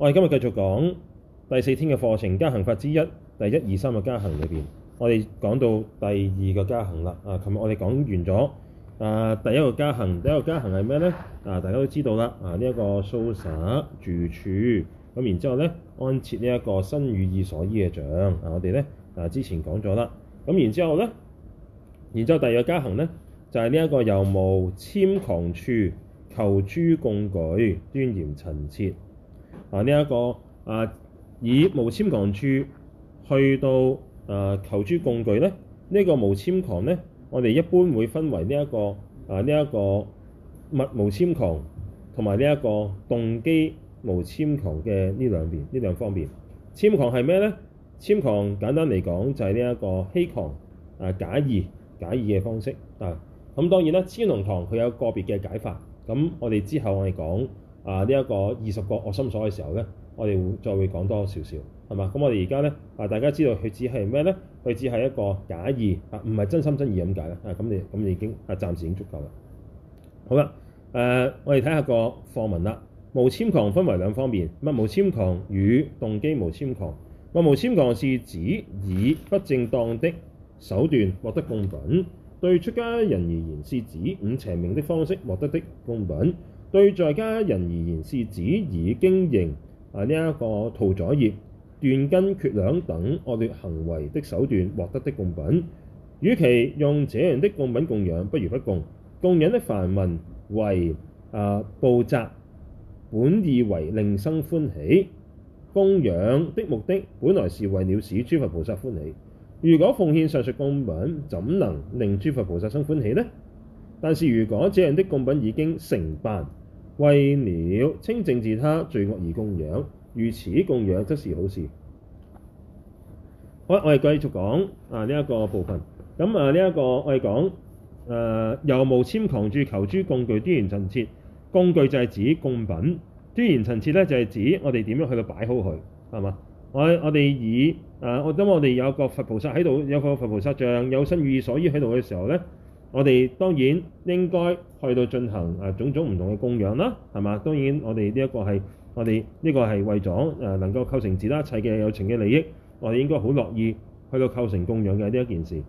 我哋今日繼續講第四天嘅課程，加行法之一，第一二三嘅加行裏邊，我哋講到第二個加行啦。啊，琴日我哋講完咗啊，第一個加行，第一個加行係咩咧？啊，大家都知道啦。啊，呢、這、一個灑掃住處咁、啊，然之後咧安設呢一個身語意所依嘅像啊，我哋咧啊之前講咗啦。咁然之後咧，然之後，後第二個加行咧就係呢一個由無諂誑求諸供具、端嚴陳設。啊！呢、這、一個啊，以無諂誑處去到啊求諸供具咧，呢、這個無諂誑咧，我哋一般會分為呢、這、一個啊呢一、這個物無諂誑，同埋呢一個動機無諂誑嘅呢兩邊呢兩方面。諂誑係咩咧？諂誑簡單嚟講就係呢一個欺誑啊假意假意嘅方式啊。咁當然啦，千籠堂佢有個別嘅解法，咁我哋之後我哋講。啊！呢、這、一個二十個我心所嘅時候咧，我哋會再會講多少少，係嘛？咁我哋而家咧，啊大家知道佢只係咩咧？佢只係一個假意啊，唔係真心真意咁解啦。啊咁你咁已經啊，暫時已經足夠啦。好啦，誒、啊、我哋睇下個課文啦。無諂誑分為兩方面：物無諂誑與動機無諂誑。物無諂誑是指以不正當的手段獲得供品，對出家人而言是指五邪命的方式獲得的供品。對在家人而言，是指以經營啊呢一、這個屠宰業、短斤缺兩等惡劣行為的手段獲得的供品。與其用這樣的供品供養，不如不供。供養的梵文為啊布拶，本意為令生歡喜。供養的目的本來是為了使諸佛菩薩歡喜。如果奉獻上述供品，怎能令諸佛菩薩生歡喜呢？但是如果這樣的供品已經成辦，為了清淨自他罪惡而供養，如此供養則是好事。好，我哋繼續講啊呢一、這個部分。咁啊呢一、這個我哋講誒，由、啊、無諂誑住求諸供具，端嚴陳設。供具就係指供品，端嚴陳設咧就係、是、指我哋點樣去到擺好佢，係嘛？我我哋以誒、啊，我因我哋有個佛菩薩喺度，有個佛菩薩像，有身語意所依喺度嘅時候咧。我哋當然應該去到進行誒種種唔同嘅供養啦，係嘛？當然我哋呢一個係我哋呢個係為咗誒能夠構成自他一切嘅有情嘅利益，我哋應該好樂意去到構成供養嘅呢一件事。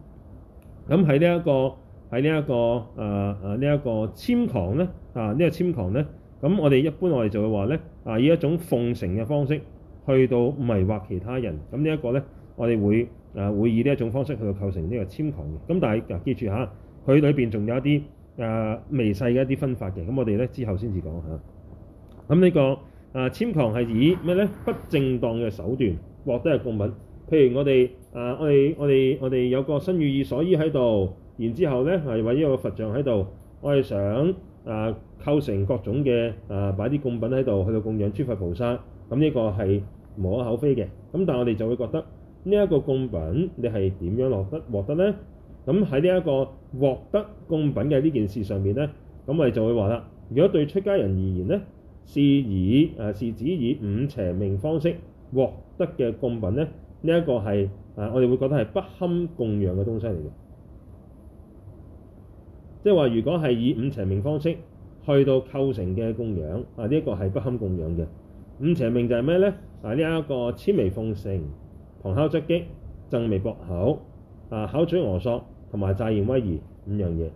咁喺、這個這個呃這個、呢一、啊這個喺呢一個誒誒呢一個諂誑咧啊呢個諂誑咧，咁我哋一般我哋就會話咧啊以一種奉承嘅方式去到迷惑其他人。咁呢一個咧我哋會誒、啊、會以呢一種方式去到構成呢個諂誑嘅。咁但係嗱記住嚇。佢裏邊仲有一啲誒、啊、微細嘅一啲分法嘅，咁我哋咧之後先至講嚇。咁、這個啊、呢個誒諂誑係以咩咧？不正當嘅手段獲得嘅供品，譬如我哋誒、啊、我哋我哋我哋有個身語意所依喺度，然之後咧係為咗個佛像喺度，我係想誒、啊、構成各種嘅誒擺啲供品喺度去到供養諸佛菩薩，咁呢個係無可厚非嘅。咁但係我哋就會覺得呢一、這個供品你係點樣獲得獲得咧？咁喺呢一個獲得供品嘅呢件事上面咧，咁我哋就會話啦，如果對出家人而言咧，是以啊是指以五邪命方式獲得嘅供品咧，呢、這、一個係啊我哋會覺得係不堪供養嘅東西嚟嘅，即係話如果係以五邪命方式去到構成嘅供養啊，呢、啊、一、這個係不堪供養嘅。五邪命就係咩咧？啊呢一、這個諂媚奉承、旁敲側擊、贈微博厚、啊巧取訛索、同埋詐現威儀五樣嘢，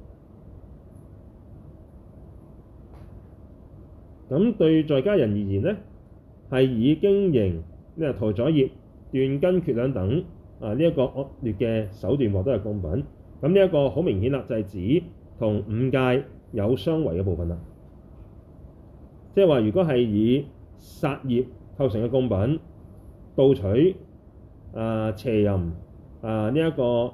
咁對在家人而言咧，係以經營呢個屠宰業、短斤缺兩等啊呢一、這個惡劣嘅手段獲得嘅供品，咁呢一個好明顯啦，就係、是、指同五戒有相違嘅部分啦。即係話，如果係以殺業構成嘅供品，盜取啊邪淫啊呢一、這個。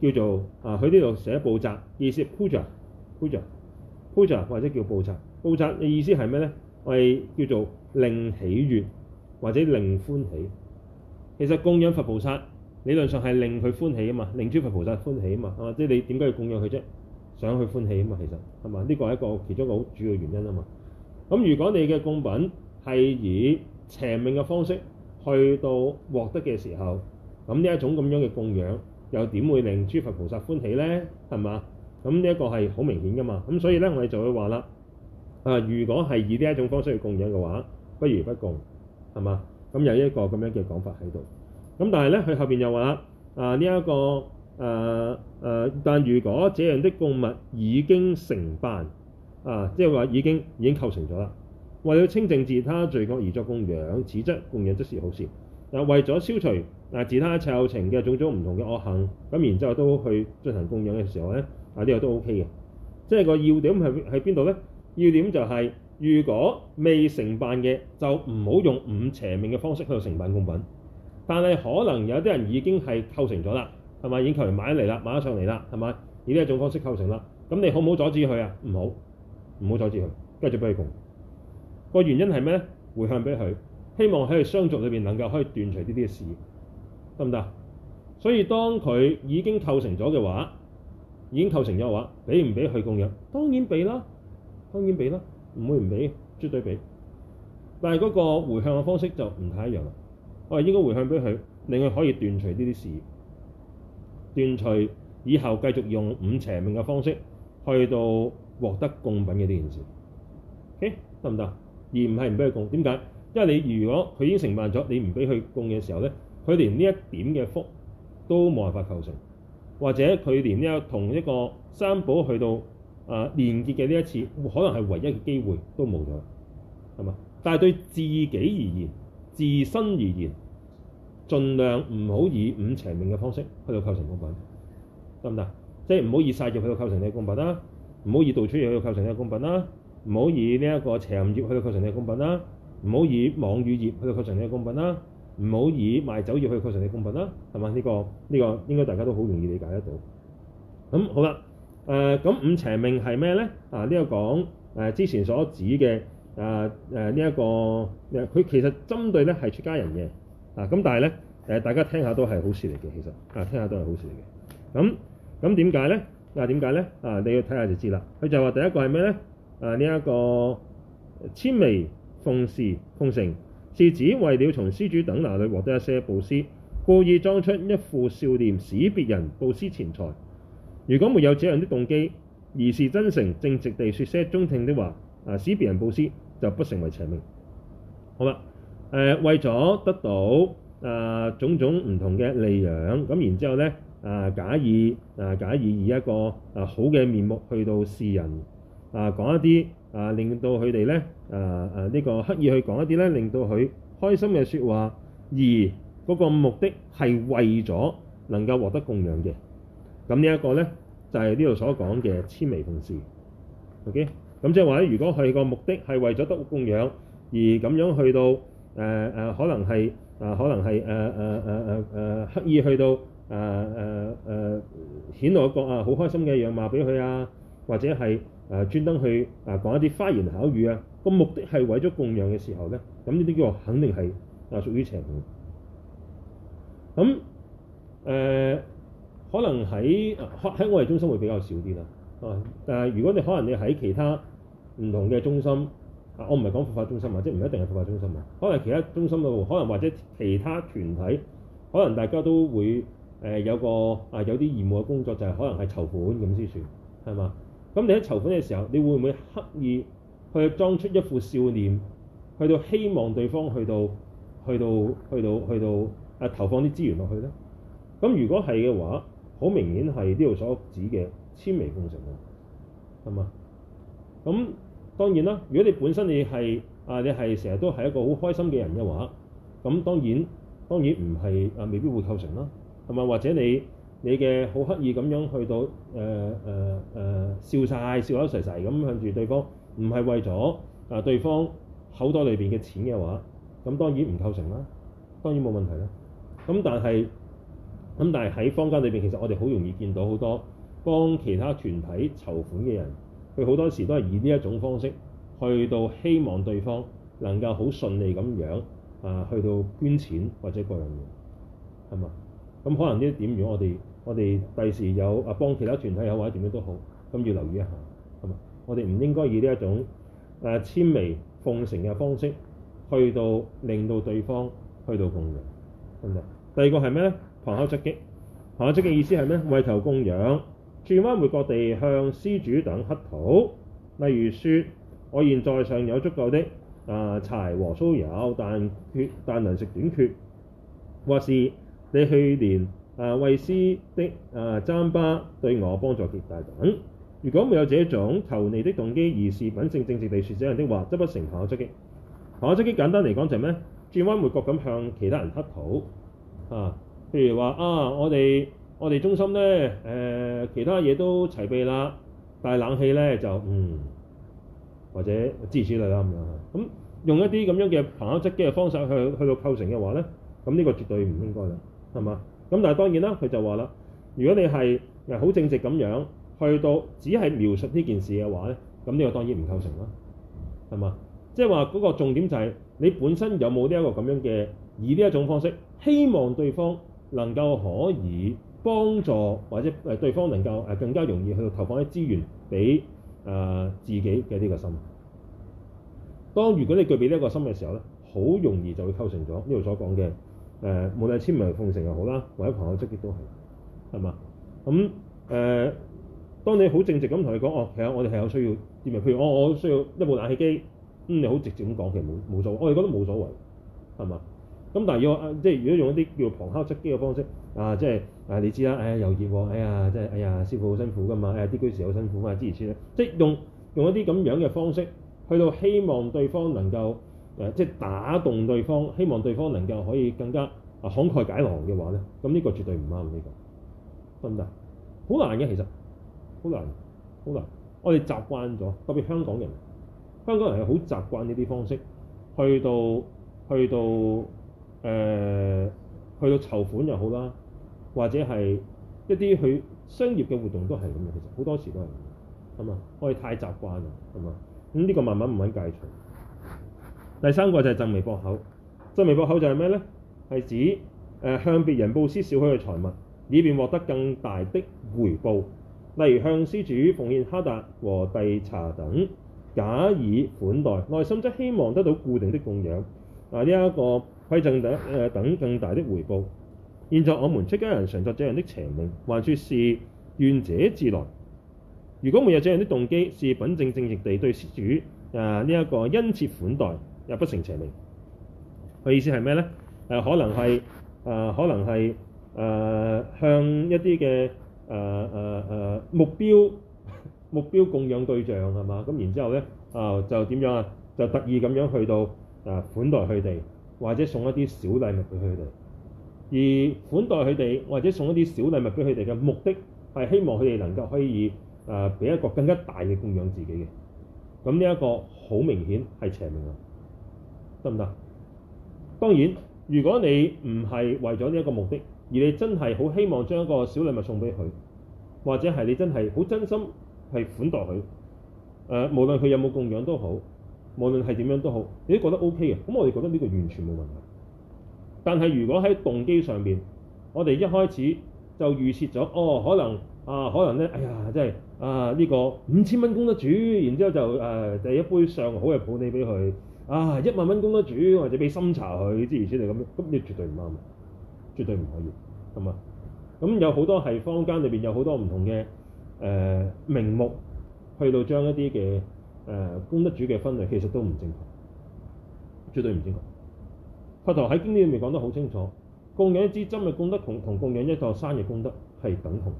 叫做啊，佢呢度寫布拶，意思 poja poja poja，或者叫布拶，布拶嘅意思係咩咧？係叫做令喜悅或者令歡喜。其實供養佛菩薩理論上係令佢歡喜啊嘛，令諸佛菩薩歡喜啊嘛，啊嘛，即係你點解要供養佢啫？想去歡喜啊嘛，其實係嘛？呢、呢個係一個其中一個好主要的原因啊嘛。咁如果你嘅供品係以邪命嘅方式去到獲得嘅時候，咁呢一種咁樣嘅供養，又點會令諸佛菩薩歡喜呢？係嘛？咁呢一個係好明顯噶嘛？咁所以咧，我哋就會話啦，啊、呃，如果係以呢一種方式去供養嘅話，不如不供，係嘛？咁有一個咁樣嘅講法喺度。咁但係咧，佢後邊又話啦，啊呢一個，誒、呃、誒、呃，但如果這樣的供物已經成辦，啊、呃，即係話已經已經構成咗啦，為了清淨自他罪惡而作供養，此則供養則是好事。嗱，為咗消除自他其他有情嘅種種唔同嘅惡行，咁然之後都去進行供養嘅時候咧，啊呢個都 O K 嘅，即係個要點係係邊度咧？要點就係、是、如果未承辦嘅，就唔好用五邪命嘅方式去承辦供品。但係可能有啲人已經係構成咗啦，係咪？已經求人買嚟啦，買咗上嚟啦，係咪？以呢一種方式構成啦，咁你好唔好阻止佢啊？唔好，唔好阻止佢，繼續俾佢供。個原因係咩？回向俾佢。希望喺佢商族裏邊能夠可以斷除呢啲事，得唔得？所以當佢已經構成咗嘅話，已經構成咗嘅話，俾唔俾佢供養？當然俾啦，當然俾啦，唔會唔俾，絕對俾。但係嗰個回向嘅方式就唔太一樣啦。我係應該回向俾佢，令佢可以斷除呢啲事業，斷除以後繼續用五邪命嘅方式去到獲得供品嘅呢件事，OK 得唔得？而唔係唔俾佢供，點解？因為你如果佢已經承辦咗，你唔俾佢供嘅時候咧，佢連呢一點嘅福都冇辦法構成，或者佢連呢、這、一個同一個三寶去到啊、呃、連結嘅呢一次，可能係唯一嘅機會都冇咗，係嘛？但係對自己而言、自身而言，儘量唔好以五邪命嘅方式去到構成個供品，得唔得？即係唔好以殺業去到構成你嘅供品啦，唔好以道出業去到構成你嘅供品啦，唔好以呢一個邪業去到構成你嘅供品啦。唔好以網魚業去到構成你嘅供品啦，唔好以賣酒業去構成你嘅供品啦，係嘛？呢、呢個呢、呢個應該大家都好容易理解得到。咁好啦，誒、呃、咁五邪命係咩咧？啊，呢、呢個講誒、呃、之前所指嘅誒誒呢一個誒，佢其實針對咧係出家人嘅啊。咁但係咧誒，大家聽下都係好事嚟嘅，其實啊，聽下都係好事嚟嘅。咁咁點解咧？啊點解咧？啊你要睇下就知啦。佢就話第一個係咩咧？啊呢一、呢個諂媚。諂媚奉事奉承是指為了從施主等那裡獲得一些布施，故意裝出一副笑臉使別人布施錢財。如果沒有這樣的動機，而是真誠正直地説些中聽的話，啊，使別人布施就不成為邪命。好啦，誒、呃，為咗得到啊、呃，種種唔同嘅利養，咁然之後呢，啊、呃，假意啊，假意以，以一個啊、呃、好嘅面目去到示人，啊、呃，講一啲。啊！令到佢哋咧，誒誒呢個刻意去講一啲咧，令到佢開心嘅説話，而嗰個目的係為咗能夠獲得供養嘅。咁呢一個咧，就係呢度所講嘅諂媚奉承。OK，咁即係話咧，如果佢個目的係為咗得供養，而咁樣去到誒誒，可能係誒可能係誒誒誒誒誒刻意去到誒誒誒顯露一個啊好開心嘅樣貌俾佢啊，或者係。誒專登去誒、啊、講一啲花言巧語啊！個目的係為咗供養嘅時候咧，咁呢啲叫做肯定係、啊、屬於邪門。咁、嗯、誒、呃、可能喺喺我哋中心會比較少啲啦、啊。但係如果你可能你喺其他唔同嘅中心，啊，我唔係講非法中心啊，即係唔一定係非法中心啊。可能其他中心度，可能或者其他團體，可能大家都會、呃、有個啊有啲義務嘅工作，就係、是、可能係籌款咁先算，係嘛？咁你喺籌款嘅時候，你會唔會刻意去裝出一副笑臉，去到希望對方去到去到去到去到，去到啊投放啲資源落去咧？咁如果係嘅話，好明顯係呢度所指嘅諂媚奉承啊，係嘛？咁當然啦，如果你本身你係啊你係成日都係一個好開心嘅人嘅話，咁當然當然唔係啊，未必會構成啦，係咪？或者你？你嘅好刻意咁樣去到笑晒、呃呃，笑口齊齊咁向住對方，唔係為咗啊對方口袋裏面嘅錢嘅話，咁當然唔構成啦，當然冇問題啦。咁但係咁但係喺坊間裏面，其實我哋好容易見到好多幫其他團體籌款嘅人，佢好多時都係以呢一種方式去到希望對方能夠好順利咁樣啊去到捐錢或者各樣嘢，係嘛？咁可能呢一點如果我哋我哋第時有啊幫其他團體又或者點樣都好，咁要留意一下。係咪？我哋唔應該以呢一種誒諂媚奉承嘅方式去到令到對方去到供養。係咪？第二個係咩咧？旁敲側擊，旁敲側擊嘅意思係咩？為求供養，轉彎抹角地向施主等乞討。例如說，我現在尚有足夠的誒、啊、茶和酥油，但缺但糧食短缺。或是你去年啊，惠施的啊，糌粑對我幫助極大。咁，如果沒有這種求利的動機，而是稟性正直地說這樣的話，則不成旁敲側擊。旁敲側擊簡單嚟講就係咩？轉彎抹角咁向其他人乞討啊，譬如話啊，我哋我哋中心咧、呃、其他嘢都齊備啦，但係冷氣咧就嗯或者諸如此類啦咁樣。咁、啊啊、用一啲咁樣嘅旁敲側擊嘅方式去去到構成嘅話咧，咁呢個絕對唔應該啦，係嘛？咁但係當然啦，佢就話啦，如果你係誒好正直咁樣去到只係描述呢件事嘅話咧，咁呢個當然唔構成啦，係嘛？即係話嗰個重點就係你本身有冇呢一個咁樣嘅以呢一種方式，希望對方能夠可以幫助或者誒對方能夠誒更加容易去投放啲資源俾誒、呃、自己嘅呢個心。當如果你具備呢個心嘅時候咧，好容易就會構成咗呢度所講嘅。誒、呃，無論係諂媚奉承又好啦，或者旁敲側擊都係，係嘛？咁、嗯、誒、呃，當你好正直咁同佢講，哦，其實我哋係有需要啲咩，譬如我我需要一部冷氣機，嗯，你好直接咁講，其實冇冇所謂，我哋覺得冇所謂，係嘛？咁、嗯、但係要、呃、即係如果用一啲叫旁敲側擊嘅方式，啊，即係啊，你知啦，哎呀又熱喎，哎呀，即係哎，哎呀，師傅好辛苦㗎嘛，哎呀啲居士好辛苦嘛，之前先即係用用一啲咁樣嘅方式，去到希望對方能夠。誒即係打動對方，希望對方能夠可以更加啊慷慨解囊嘅話咧，咁呢個絕對唔啱。呢、呢個真㗎，好難嘅。其實好難，好難。我哋習慣咗，特別香港人，香港人係好習慣呢啲方式。去到去到誒、呃，去到籌款又好啦，或者係一啲去商業嘅活動都係咁嘅。其實好多時都係咁，係嘛？我哋太習慣啦，係嘛？咁呢個慢慢唔肯戒除。第三個就係贈微博厚，贈微博厚就係咩呢？係指誒、呃、向別人佈施少許嘅財物，以便獲得更大的回報。例如向施主奉獻哈達和遞茶等，假以款待，內心則希望得到固定的供養。啊，呢一個饋贈等誒等更大的回報。現在我們出家人常作這樣的邪命，還説是願者自來。如果沒有這樣的動機，是稟性正直地對施主啊呢一個殷切款待。又不成邪命。佢意思係咩咧？誒，可能係誒、呃，可能係誒、呃，向一啲嘅誒誒誒目標目標供養對象係嘛？咁然之後咧啊、哦，就點樣啊？就特意咁樣去到誒款待佢哋，或者送一啲小禮物俾佢哋。而款待佢哋或者送一啲小禮物俾佢哋嘅目的係希望佢哋能夠可以誒俾、呃、一個更加大嘅供養自己嘅。咁呢一個好明顯係邪命。啊！得唔得？當然，如果你唔係為咗呢一個目的，而你真係好希望將一個小禮物送俾佢，或者係你真係好真心係款待佢，誒、呃，無論佢有冇供養都好，無論係點樣都好，你都覺得 O K 嘅，咁我哋覺得呢個完全冇問題。但係如果喺動機上面，我哋一開始就預設咗，哦，可能啊，可能咧，哎呀，真係啊，呢、這個五千蚊供得主，然之後就誒、啊，就是、一杯上好嘅普洱俾佢。啊！一萬蚊功德主，或者俾心茶佢，之如此係咁樣，咁你絕對唔啱，絕對唔可以，係嘛？咁有好多係坊間裏邊有好多唔同嘅誒名目，去到將一啲嘅誒功德主嘅分類，其實都唔正確，絕對唔正確。佛陀喺經典裏面講得好清楚，供養一支針嘅功德同同供養一座山嘅功德係等同。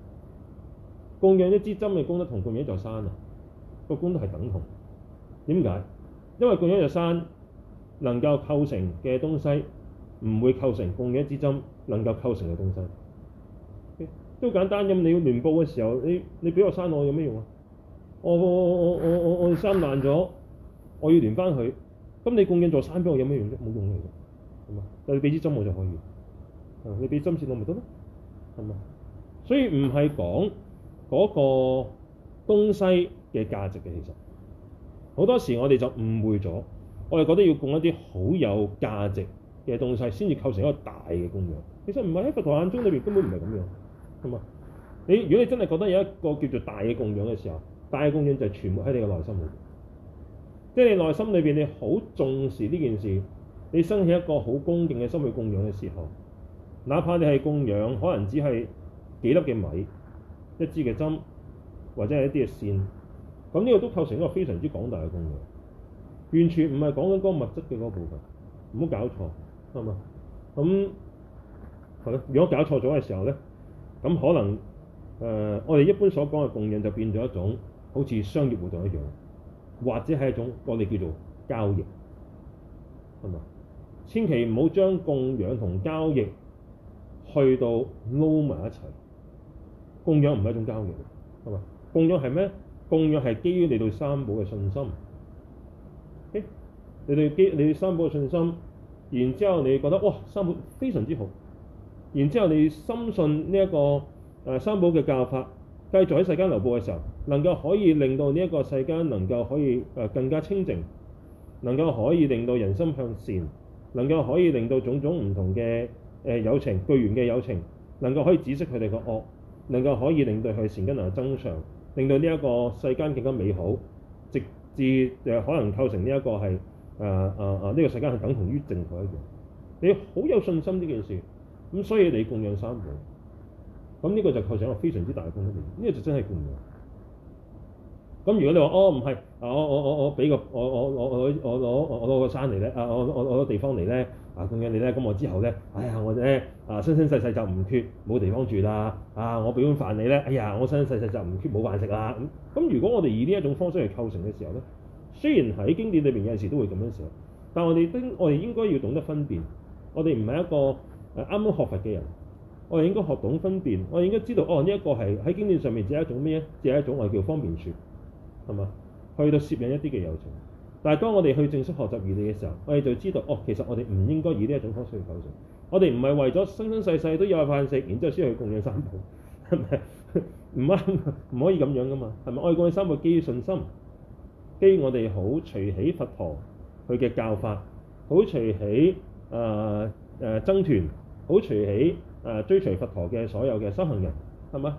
供養一支針嘅功德同，同供養一座山啊，個功德係等同。點解？因為供養一座山能夠構成嘅東西，唔會構成供養一支針能夠構成嘅東西。Okay? 都簡單咁，你要聯報嘅時候，你你俾我刪我有咩用啊？Oh, oh, oh, oh, oh, oh, 我我我我我我我哋刪爛咗，我要聯翻佢。咁你供養座山俾我有咩用啫？冇用嚟嘅，係嘛？但你俾支針我就可以，係嘛？你俾針線我咪得咯，係嘛？所以唔係講嗰個東西嘅價值嘅，其實。好多時我哋就誤會咗，我哋覺得要供一啲好有價值嘅東西先至構成一個大嘅供養。其實唔係，喺佛陀眼中裏邊根本唔係咁樣，係嘛？你如果你真係覺得有一個叫做大嘅供養嘅時候，大嘅供養就係全部喺你嘅內心裏邊。即係你內心裏邊你好重視呢件事，你升起一個好恭敬嘅心去供養嘅時候，哪怕你係供養可能只係幾粒嘅米、一支嘅針或者係一啲嘅線。咁呢個都構成一個非常之廣大嘅供養，完全唔係講緊嗰個物質嘅嗰部分，唔好搞錯，係咪？咁係咯，如果搞錯咗嘅時候咧，咁可能誒、呃，我哋一般所講嘅供養就變咗一種好似商業活動一樣，或者係一種我哋叫做交易，係咪？千祈唔好將供養同交易去到撈埋一齊，供養唔係一種交易，係咪？供養係咩？供養係基於你對三寶嘅信心，欸、你對基你對三寶嘅信心，然之後你覺得哇三寶非常之好，然之後你深信呢一個三寶嘅教法，繼續喺世間流布嘅時候，能夠可以令到呢一個世間能夠可以、呃、更加清淨，能夠可以令到人心向善，能夠可以令到種種唔同嘅有、呃、情，具緣嘅有情，能夠可以止息佢哋嘅惡，能夠可以令到佢善根能夠增長。令到呢一個世間更加美好，直至誒可能構成呢一個係誒誒誒呢個世間係等同於淨土一樣。你好有信心呢件事，咁所以你供養三寶，咁呢個就構成一個非常之大功德嘅嘢。呢個就真係供養。咁如果你話哦，唔係，啊我我我我俾個我我我我我攞我攞個山嚟咧，啊我我攞個地方嚟咧。啊！咁樣你咧，咁我之後咧，哎呀我哋咧啊，生生世世就唔缺冇地方住啦！啊，我俾碗飯你咧，哎呀我生生世世就唔缺冇飯食啦！咁咁如果我哋以呢一種方式去構成嘅時候咧，雖然喺經典裏邊有陣時都會咁樣寫，但我哋都我哋應該要懂得分辨。我哋唔係一個誒啱啱學佛嘅人，我哋應該學懂分辨，我哋應該知道哦呢一個係喺經典上面只係一種咩？只係一種我哋叫方便説，係嘛？去到攝引一啲嘅友情。但係當我哋去正式學習儒理嘅時候，我哋就知道，哦，其實我哋唔應該以呢一種方式去構成。我哋唔係為咗生生世世都有飯食，然之後先去供養三寶，係咪？唔啱，唔可以咁樣噶嘛，係咪？愛供養三寶基於信心，基於我哋好隨喜佛陀佢嘅教法，好隨喜啊誒僧團，好隨喜誒、呃、追隨佛陀嘅所有嘅修行人，係咪？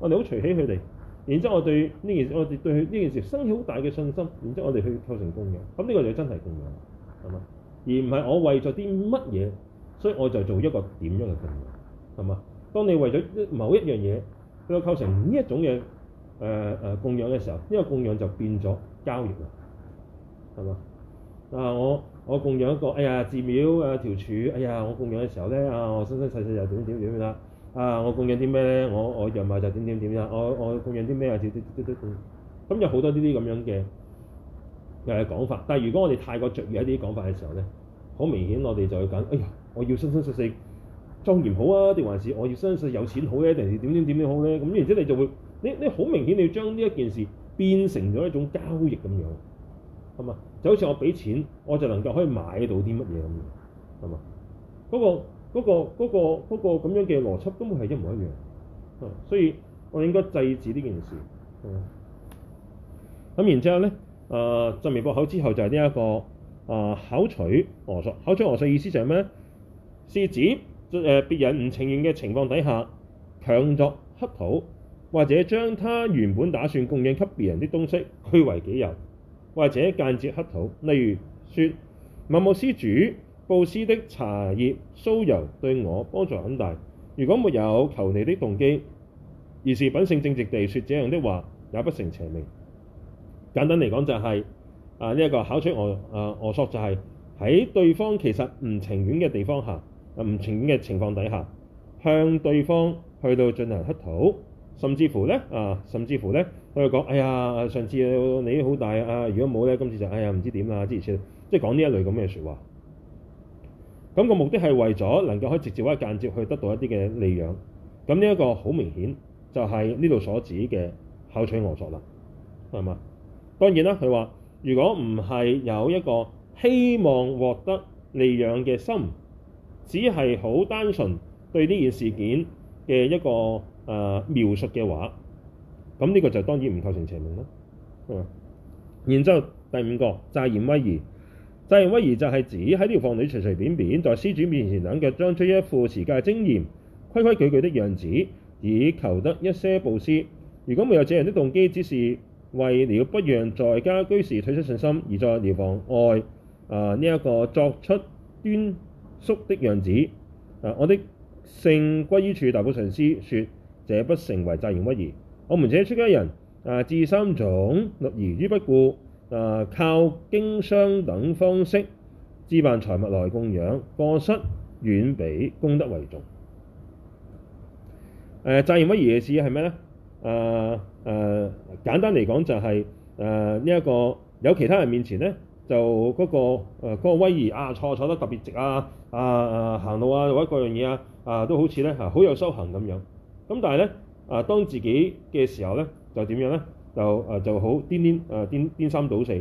我哋好隨喜佢哋。然之後我對呢件事，我哋對呢件事生起好大嘅信心。然之後我哋去構成供養，咁呢個就真係供養，係嘛？而唔係我為咗啲乜嘢，所以我就做一個點樣嘅供養，係嘛？當你為咗某一樣嘢去構成呢一種嘅誒誒供養嘅時候，呢個供養就變咗交易啦，係嘛？啊我我供養一個，哎呀寺廟啊條柱，哎呀我供養嘅時候咧，啊我生生世世又點點點點啦。啊！我供養啲咩咧？我我樣貌就點點點樣？我我供養啲咩啊？咁有好多呢啲咁樣嘅誒講法。但係如果我哋太過著意喺啲講法嘅時候咧，好明顯我哋就會講，哎呀，我要生生世世莊嚴好啊，定還是我要生生世有錢好咧，定還是點點點好咧？咁然之後你就會，你你好明顯你要將呢一件事變成咗一種交易咁樣，係嘛？就好似我俾錢，我就能夠可以買到啲乜嘢咁樣，係嘛？嗰個。嗰個嗰個嗰個咁樣嘅邏輯都係一模一樣，所以我應該制止呢件事。咁然之後呢，誒贈微博厚之後就係呢一個啊、呃、巧取訛索。巧取訛索意思就係咩？是指誒別人唔情願嘅情況底下強作乞討，或者將他原本打算供應給別人的東西據為己有，或者間接乞討。例如説某某施主布施的茶葉酥油對我幫助很大。如果沒有求利的動機，而是稟性正直地說這樣的話，也不成邪命。簡單嚟講就係、是、啊，呢、這、一個巧取訛啊訛索就係、是、喺對方其實唔情願嘅地方下啊唔情願嘅情況底下，向對方去到進行乞討，甚至乎咧啊，甚至乎咧去講，哎呀上次你好大啊，如果冇咧今次就哎呀唔知點啦。之前即係講呢一類咁嘅説話。咁個目的係為咗能夠可以直接或者間接去得到一啲嘅利養，咁呢一個好明顯就係呢度所指嘅巧取訛索啦，係嘛？當然啦，佢話如果唔係有一個希望獲得利養嘅心，只係好單純對呢件事件嘅一個、呃、描述嘅話，咁呢個就當然唔構成邪命啦，係嘛？然之後第五個詐現威儀。詐現威儀就係指喺呢寮房裡隨隨便便，在施主面前兩腳裝出一副持戒精嚴、規規矩矩的樣子，以求得一些布施。如果沒有這樣的動機，只是為了不讓在家居士退失信心，而在寮房外啊呢一個作出端肅的樣子，啊、呃，我的勝皈依處大寶上師說，這不成為詐現威儀。我們這些出家人啊，呃、置三種律儀於不顧。啊！靠經商等方式置辦財物來供養，過失遠比功德為重。誒、呃，詐現威儀嘅事係咩咧？誒、呃、誒、呃，簡單嚟講就係誒呢一個有其他人面前咧，就嗰、嗰個誒、呃嗰個、威儀啊，坐坐得特別直啊，啊啊行路啊或者各樣嘢啊，啊都好似咧啊好有修行咁樣。咁但係咧，啊當自己嘅時候咧，就點樣咧？就、呃、就好，顛顛誒顛顛三倒四，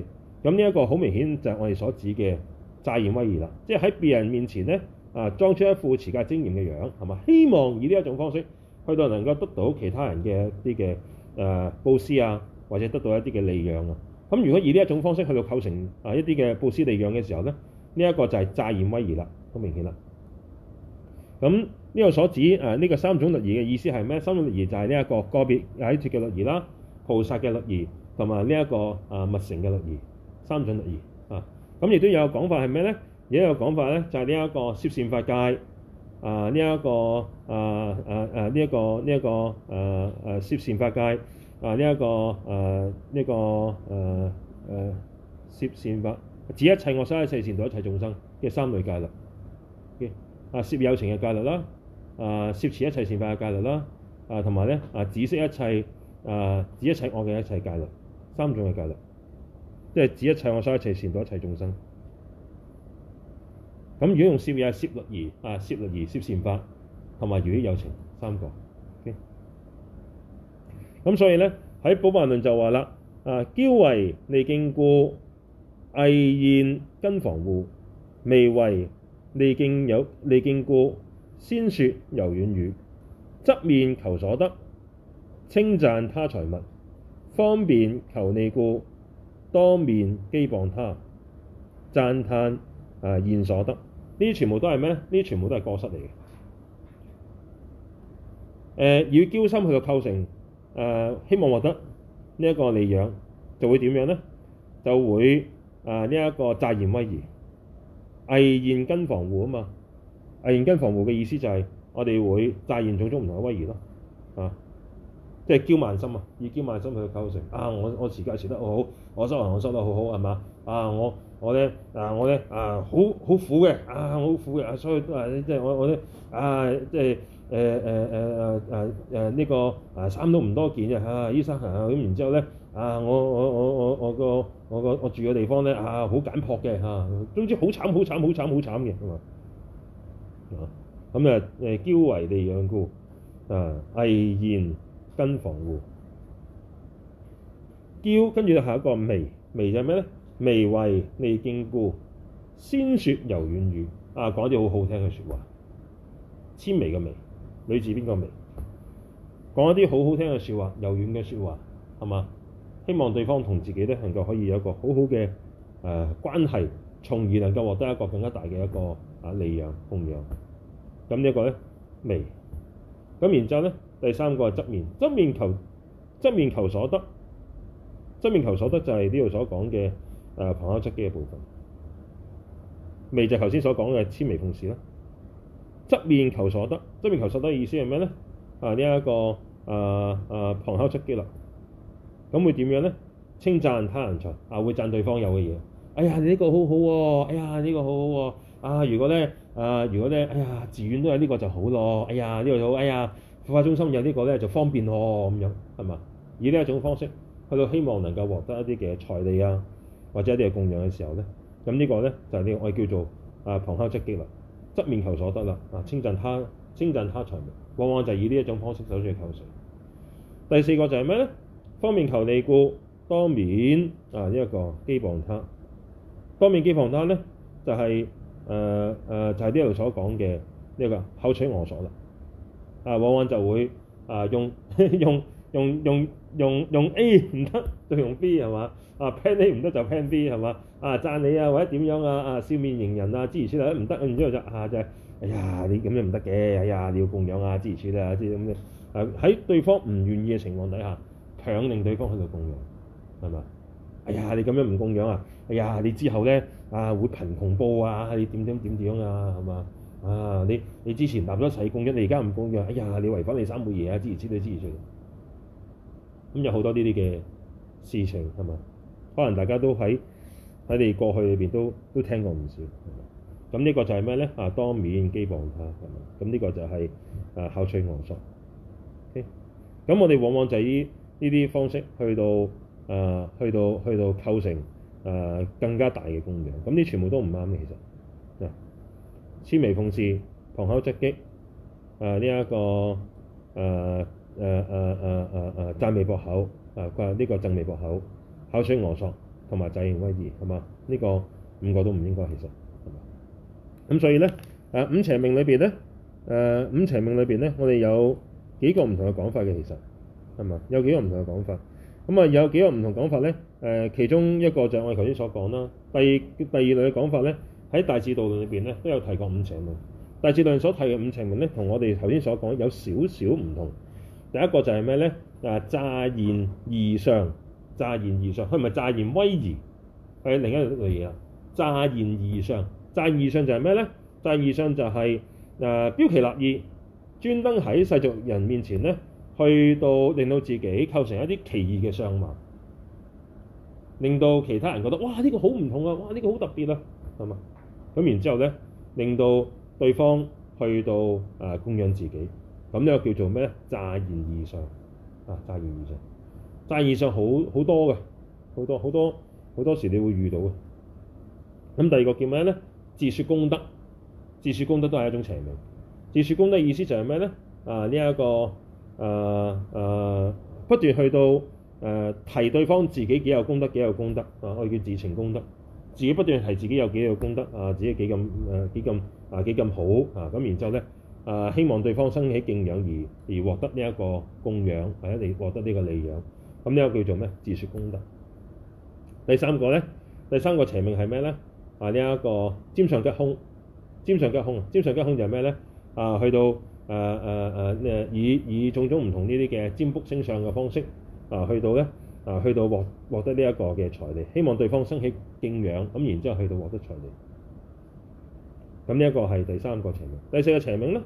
咁呢一個好明顯就係我哋所指嘅詐現威儀啦。即係喺別人面前咧，啊、呃、裝出一副持戒精嚴嘅樣，係嘛？希望以呢一種方式去到能夠得到其他人嘅一啲嘅誒佈施啊，或者得到一啲嘅利養。啊。咁如果以呢一種方式去到構成啊一啲嘅布施利養嘅時候咧，呢、這、一個就係詐現威儀啦，好明顯啦。咁呢個所指呢、呃這個三種律儀嘅意思係咩？三種律儀就係呢一個個別喺處嘅律儀啦。菩薩嘅律儀，同埋呢一個啊密乘嘅律儀，三種律儀啊，咁亦都有講法係咩咧？有一個講法咧，就係呢一個攝善法界啊，呢、這、一個啊啊啊呢一、這個呢一、這個誒誒攝善法界啊，呢、這、一個誒呢、啊這個誒誒攝善法，指一切我生一切善道一切眾生嘅三類戒律嘅啊，攝有情嘅戒律啦，啊攝持一切善法嘅戒律啦，啊同埋咧啊指識一切。啊！指一切我嘅一切戒律，三種嘅戒律，即係指一切我修一切善度一切眾生。咁如果用攝義係攝律儀啊，攝律儀，攝善法同埋如於有情三個。咁、okay? 所以咧喺《寶鬘論》就話啦：啊，矯為利敬故，偽現根防護；未為利敬有利敬故，先説柔軟語，側面求所得。稱讚他財物，方便求利故，當面譏謗他，讚歎啊、呃，現所得，呢啲全部都係咩？呢啲全部都係過失嚟嘅。誒、呃，以焦心佢嘅構成，誒、呃，希望獲得呢一個利養就，就會點樣咧？就會啊，呢、這、一個詐現威儀、偽現根防護啊嘛。偽現根防護嘅意思就係我哋會詐現種種唔同嘅威儀咯，啊。即係驕慢心啊！以驕慢心去構成啊！我我時間持,持得好好，我修行我修得好好係嘛啊！我我咧啊，我咧啊，好好苦嘅啊，好苦嘅，所以都係即係我我咧啊，即係誒誒誒誒誒誒呢個啊衫都唔多件嘅啊衣衫啊咁，然之後咧啊，我啊啊啊啊啊啊啊啊我我我我個我個我住嘅地方咧啊，好簡朴嘅嚇，總之好慘好慘好慘好慘嘅咁、嗯、啊！咁啊誒，驕為地養孤啊，毅然。跟防護，嬌跟住咧係一個媚，媚就係咩咧？媚為利敬故，先說柔軟語啊，講一啲好好聽嘅說話。纖微嘅微，類似邊個媚？講一啲好好聽嘅說話，柔軟嘅說話，係嘛？希望對方同自己咧能夠可以有一個好好嘅誒關係，從而能夠獲得一個更加大嘅一個啊利養供養。咁呢一個咧媚，咁然之後咧？第三個係側面，側面求側面求所得，側面求所得就係呢度所講嘅誒旁敲側擊嘅部分，未就係頭先所講嘅諂媚奉承啦。側面求所得，側面求所得嘅意思係咩咧？啊呢一、這個誒誒、呃呃、旁敲側擊啦，咁會點樣咧？稱讚他人財啊，會讚對方有嘅嘢。哎呀你呢、這個好好喎、啊，哎呀呢、這個好好喎、啊，啊如果咧，啊如果咧，哎呀自願都係呢個就好咯，哎呀呢、這個就好，哎呀。孵化中心有這個呢個咧，就方便喎，咁樣，係嘛？以呢一種方式去到，希望能夠獲得一啲嘅財利啊，或者一啲嘅供養嘅時候咧，咁呢、就是、這個咧就係我哋叫做啊旁敲側擊啦，側面求所得啦，啊清盡他清盡他財物，往往就是以呢一種方式首先去求索。第四個就係咩咧？方面求利顧當面啊一、這個機房單，當面機房單咧就係誒誒就係呢人所講嘅呢、這個巧取我所啦。啊，往往就會啊，用用用用用用 A 唔得就用 B 係嘛？啊 plan A 唔得就 plan B 係嘛？啊贊你啊，或者點樣啊啊笑面迎人啊諸如此類，啊唔得，然之後就啊就係，哎呀，你咁樣唔得嘅，哎呀，你要供養啊諸如此類。啊咁喺對方唔願意嘅情況底下，強令對方喺度供養，係嘛？哎呀，你咁樣唔供養啊，哎呀，你之後咧啊會貧窮報啊你點點點樣啊係嘛？啊！你你之前立咗誓供養，你而家唔供養，哎呀！你違反你三輩嘢啊！之類之類之類嘅，咁有好多呢啲嘅事情係嘛？可能大家都喺喺你過去裏邊都都聽過唔少，咁呢個就係咩咧？啊，當面機磅這、就是、啊，咁呢個就係啊巧取訛索。咁、okay? 我哋往往就係呢啲方式去到啊去到去到構成啊更加大嘅供養，咁啲全部都唔啱嘅其實。諂媚奉承、旁敲側擊、誒呢一個誒誒誒誒誒贈微博厚、誒呢個贈微博厚、啊這個、巧取訛索同埋詐現威儀，係嘛？呢、這個五個都唔應該，其實係嘛？咁所以咧，誒、啊、五邪命裏邊咧，誒、啊、五邪命裏邊咧，我哋有幾個唔同嘅講法嘅，其實係嘛？有幾個唔同嘅講法，咁啊有幾個唔同講法咧？誒、呃、其中一個就係我哋頭先所講啦。第二第二類嘅講法咧。喺《在大智度論》裏邊咧，都有提過五邪命。《大智度論》所提嘅五邪命咧，同我哋頭先所講有少少唔同。第一個就係咩咧？誒詐現異相，詐現異相，佢唔係詐現威儀，係另一樣嘢啦。詐現異相，詐現異相就係咩咧？詐現異相就係、是、誒、啊、標奇立異，專登喺世俗人面前咧，去到令到自己構成一啲奇異嘅相貌，令到其他人覺得哇呢、呢個好唔同啊！哇呢、呢個好特別啊！係嘛？咁然之後咧，令到對方去到誒、呃、供養自己，咁呢個叫做咩咧？詐現異相啊，詐現異相，詐現異相好好多嘅，好多好多好多，好多時你會遇到嘅。咁第二個叫咩咧？自説功德，自説功德都係一種邪命。自説功德意思就係咩咧？啊呢一個誒誒、呃呃、不斷去到誒、呃、提對方自己幾有功德，幾有功德啊！我叫自情功德。自己不斷提自己有幾多功德啊，自己幾咁誒，幾咁啊，幾咁好啊，咁然之後咧，啊希望對方生起敬仰而而獲得呢一個供養或者你獲得呢個利養，咁呢個叫做咩，自説功德。第三個咧，第三個邪命係咩咧？啊呢一個占相吉凶，占相吉凶，占相吉凶就係咩咧？啊去到誒誒誒誒以以種種唔同呢啲嘅占卜星象嘅方式啊去到咧。啊，去到獲獲得呢一個嘅財利，希望對方升起敬仰，咁然之後去到獲得財利。咁呢一個係第三個邪命，第四個邪命咧，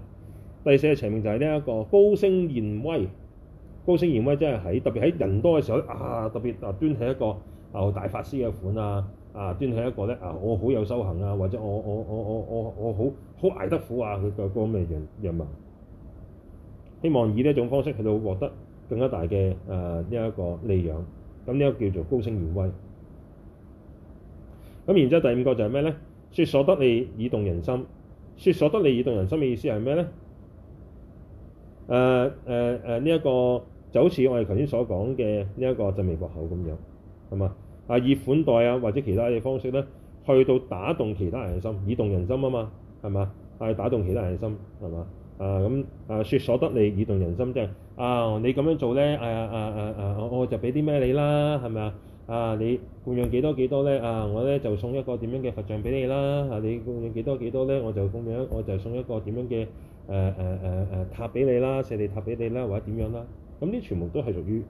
第四個邪命就係呢一個高聲言威，高聲言威真係喺，特別喺人多嘅時候啊，特別啊端起一個啊大法師嘅款啊，啊端起一個咧啊，我好有修行啊，或者我我我我我我好好捱得苦啊，佢嗰個咩樣樣貌，希望以呢一種方式去到獲得。更加大嘅誒呢一個利養，咁、這、呢個叫做高聲現威。咁然之後第五個就係咩咧？說所得利以動人心。說所得利以動人心嘅意思係咩咧？誒誒誒呢一個就好似我哋頭先所講嘅呢一個贈微博厚咁樣，係嘛？啊以款待啊或者其他嘅方式咧，去到打動其他人嘅心，以動人心啊嘛，係嘛？啊打動其他人嘅心係嘛？啊咁說所得利以動人心即係。啊！你咁樣做咧，啊啊啊，我我就俾啲咩你啦，係咪啊？啊！你供養幾多幾多咧？啊！我咧就送一個點樣嘅佛像俾你啦。嚇！你供養幾多幾多咧？我就供養我就送一個點樣嘅，啊啊啊、塔俾你啦，舍利塔俾你啦，或者點樣啦？咁呢全部都係屬於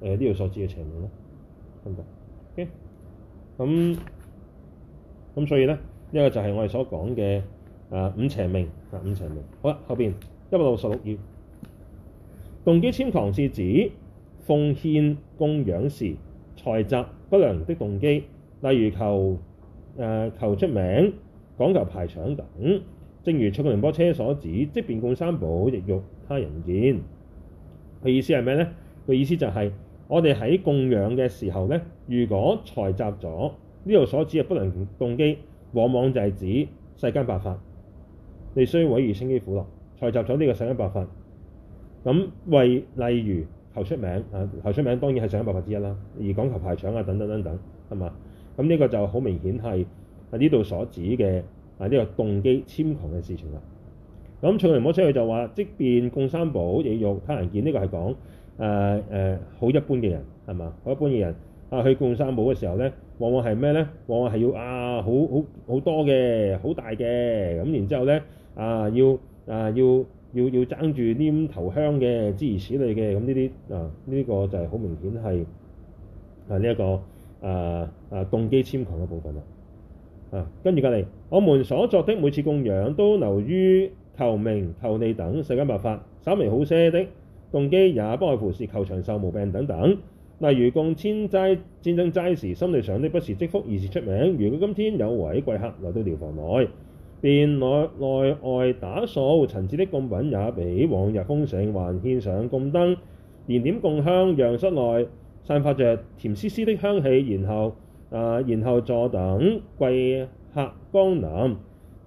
誒呢條所指嘅邪命咯，明白？咁咁所以咧，呢，呢個就係我哋所講嘅五邪命啊，五邪命，啊。好啦，後邊一百六十六頁。動機諂誑是指奉獻供養時摻雜不良的動機，例如求誒、呃、求出名、講求排場等。正如卓貢仁波切所指，即便供三寶，亦欲他人見。佢意思係咩呢？佢意思就係、是、我哋喺供養嘅時候呢，如果摻雜咗呢度所指嘅不良動機，往往就係指世間八法。利衰毀譽稱譏苦樂，摻雜咗呢個世間八法。咁為例如求出名啊，求出名當然係上百分之一啦。而講求排場啊，等等等等，係嘛？咁呢個就好明顯係呢度所指嘅啊呢、這個動機諂誑嘅事情啦。咁卓貢仁波切就話，即便供三寶，亦欲他人見呢個係講誒好一般嘅人係嘛？好一般嘅人啊，去供三寶嘅時候咧，往往係咩咧？往往係要啊好好好多嘅，好大嘅，咁、啊、然之後咧啊要啊要。啊要要要爭住拈頭香嘅，諸如此類嘅，咁呢啲啊，呢個就係好明顯係係呢一個啊啊動機諂誑嘅部分啦。啊，跟住隔離，我們所作的每次供養都流於求名求利等世間八法，稍微好些的動機也不外乎是求長壽無病等等。例如供千僧齋戰爭齋時，心理上的不是積福，而是出名。如果今天有位貴客來到寮房內。便內內外打掃，陳設的供品也比往日豐盛，還獻上供燈，燃點供香，讓室內散發着甜絲絲的香氣。然後啊、呃，然後坐等貴客光臨。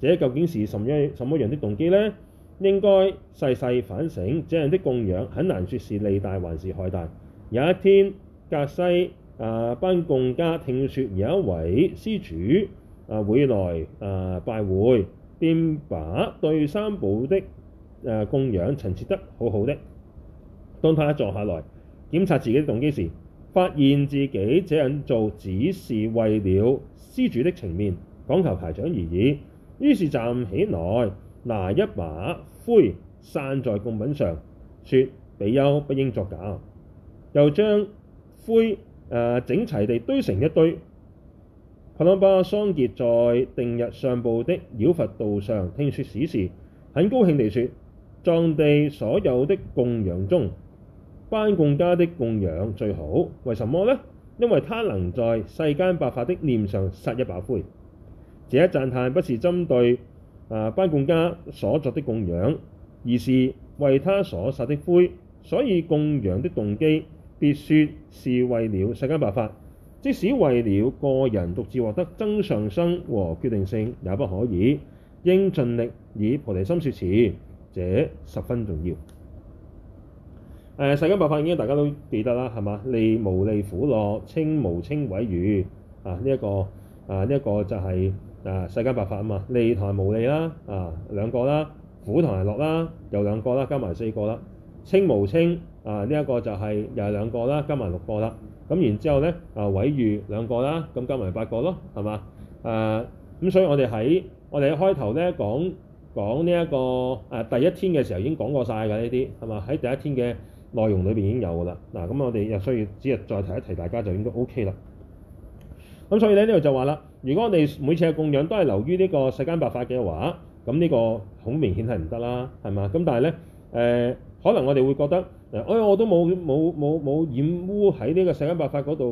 這究竟是什麼樣什麼樣的動機呢？應該細細反省。這樣的供養，很難説是利大還是害大。有一天隔，格西啊奔貢嘉聽說有一位施主。啊會來啊拜會，便把對三寶的、啊、供養陳設得好好的。當他坐下來檢查自己的動機時，發現自己這樣做只是為了施主的情面，講求排場而已。於是站起來拿一把灰散在供品上，說：比丘不應作假。又將灰、啊、整齊地堆成一堆。帕當巴桑結在定日上部的繞佛道上聽說此事，很高興地說：藏地所有的供養中，奔貢嘉的供養最好。為什麼呢？因為他能在世間八法的臉上撒一把灰。這一讚嘆不是針對啊、奔貢嘉所作的供養，而是為他所撒的灰。所以供養的動機，別說是為了世間八法。即使為了個人獨自獲得增上生和決定善也不可以，應盡力以菩提心攝持，這十分重要。呃、世間八法應該大家都記得啦，係咪？利、無利、苦樂、清無清、毀譽啊，呢、這、一個啊，呢、這、一個就係、是、誒、啊、世間八法啊嘛，利同係無利啦，啊兩個啦，苦同係樂啦，又兩個啦，加埋四個啦，清無清。啊！呢、這、一個就係又係兩個啦，加埋六個啦。咁然之後咧，啊，毀譽兩個啦，咁加埋八個咯，係嘛？誒，咁所以我哋喺我哋開頭咧講講呢一、這個誒、啊、第一天嘅時候已經講過晒㗎呢啲係嘛？喺第一天嘅內容裏邊已經有㗎啦。嗱、啊，咁我哋又需要只係再提一提，大家就應該 OK 啦。咁所以咧呢度就話啦，如果我哋每次嘅供養都係流於呢個世間八法嘅話，咁呢個好明顯係唔得啦，係嘛？咁但係咧誒，可能我哋會覺得。誒，哎，我都冇冇冇冇染污喺呢個世間八法嗰度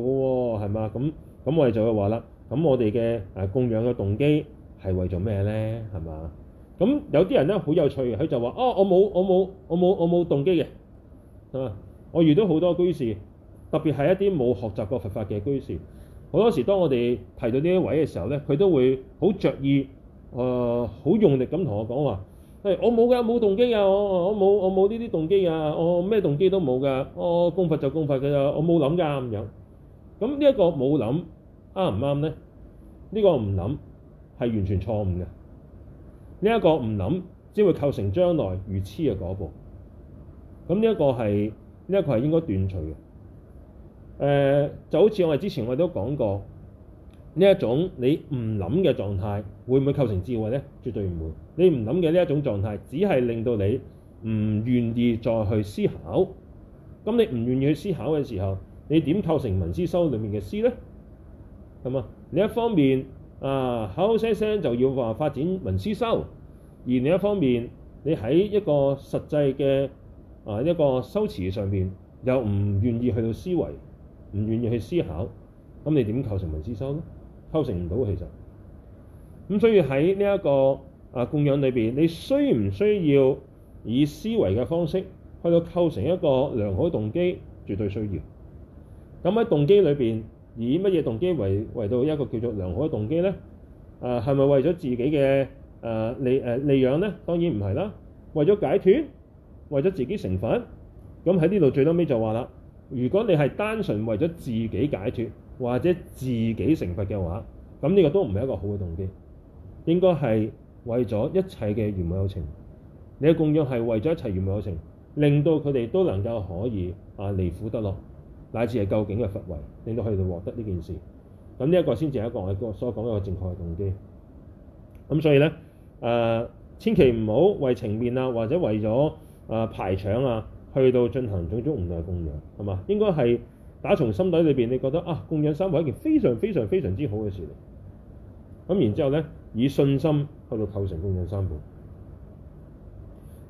嘅喎，係嘛？咁咁我哋就會話啦，咁我哋嘅誒供養嘅動機係為咗咩咧？係嘛？咁有啲人咧好有趣，佢就話：哦，我冇我冇我冇我冇動機嘅。啊！我遇到好多居士，特別係一啲冇學習過佛法嘅居士，好多時當我哋提到呢啲位嘅時候咧，佢都會好着意誒，好、呃、用力咁同我講話。係、哎，我冇㗎，冇動機㗎、啊，我我冇，我冇呢啲動機㗎、啊，我咩動機都冇㗎，我供佛就供佛㗎，我冇諗㗎咁樣。咁呢一、這個冇諗啱唔啱咧？呢個唔諗係完全錯誤嘅。呢、這、一個唔諗，只會構成將來如痴嘅嗰部步。咁呢一個係呢一個係應該斷除嘅。誒、呃，就好似我哋之前我哋都講過，呢一種你唔諗嘅狀態，會唔會構成智慧咧？絕對唔會。你唔諗嘅呢一種狀態，只係令到你唔願意再去思考。咁你唔願意去思考嘅時候，你點構成聞思修裏面嘅思呢？咁啊，你一方面啊，口口聲聲就要話發展聞思修，而另一方面，你喺一個實際嘅啊一個修辭上面，又唔願意去到思維，唔願意去思考，咁你點構成聞思修呢？構成唔到，其實咁，所以喺呢一個。啊！供養裏邊，你需唔需要以思維嘅方式去到構成一個良好嘅動機？絕對需要。咁喺動機裏邊，以乜嘢動機為為到一個叫做良好嘅動機呢？誒係咪為咗自己嘅誒、啊、利誒、啊、利養呢？當然唔係啦，為咗解脫，為咗自己成佛。咁喺呢度最屘尾就話啦，如果你係單純為咗自己解脫或者自己成佛嘅話，咁呢個都唔係一個好嘅動機，應該係。為咗一切嘅如母有情，你嘅供養係為咗一切如母有情，令到佢哋都能夠可以啊離苦得樂，乃至係究竟嘅佛慧，令到佢哋獲得呢件事。咁呢一個先至係一個我所講一個正確嘅動機。咁所以咧，誒、呃、千祈唔好為情面啊，或者為咗誒、呃、排場啊，去到進行種種唔同嘅供養，係嘛？應該係打從心底裏邊，你覺得啊，供養三寶係一件非常非常非常之好嘅事嚟。咁然之後咧。以信心去到構成共行三寶，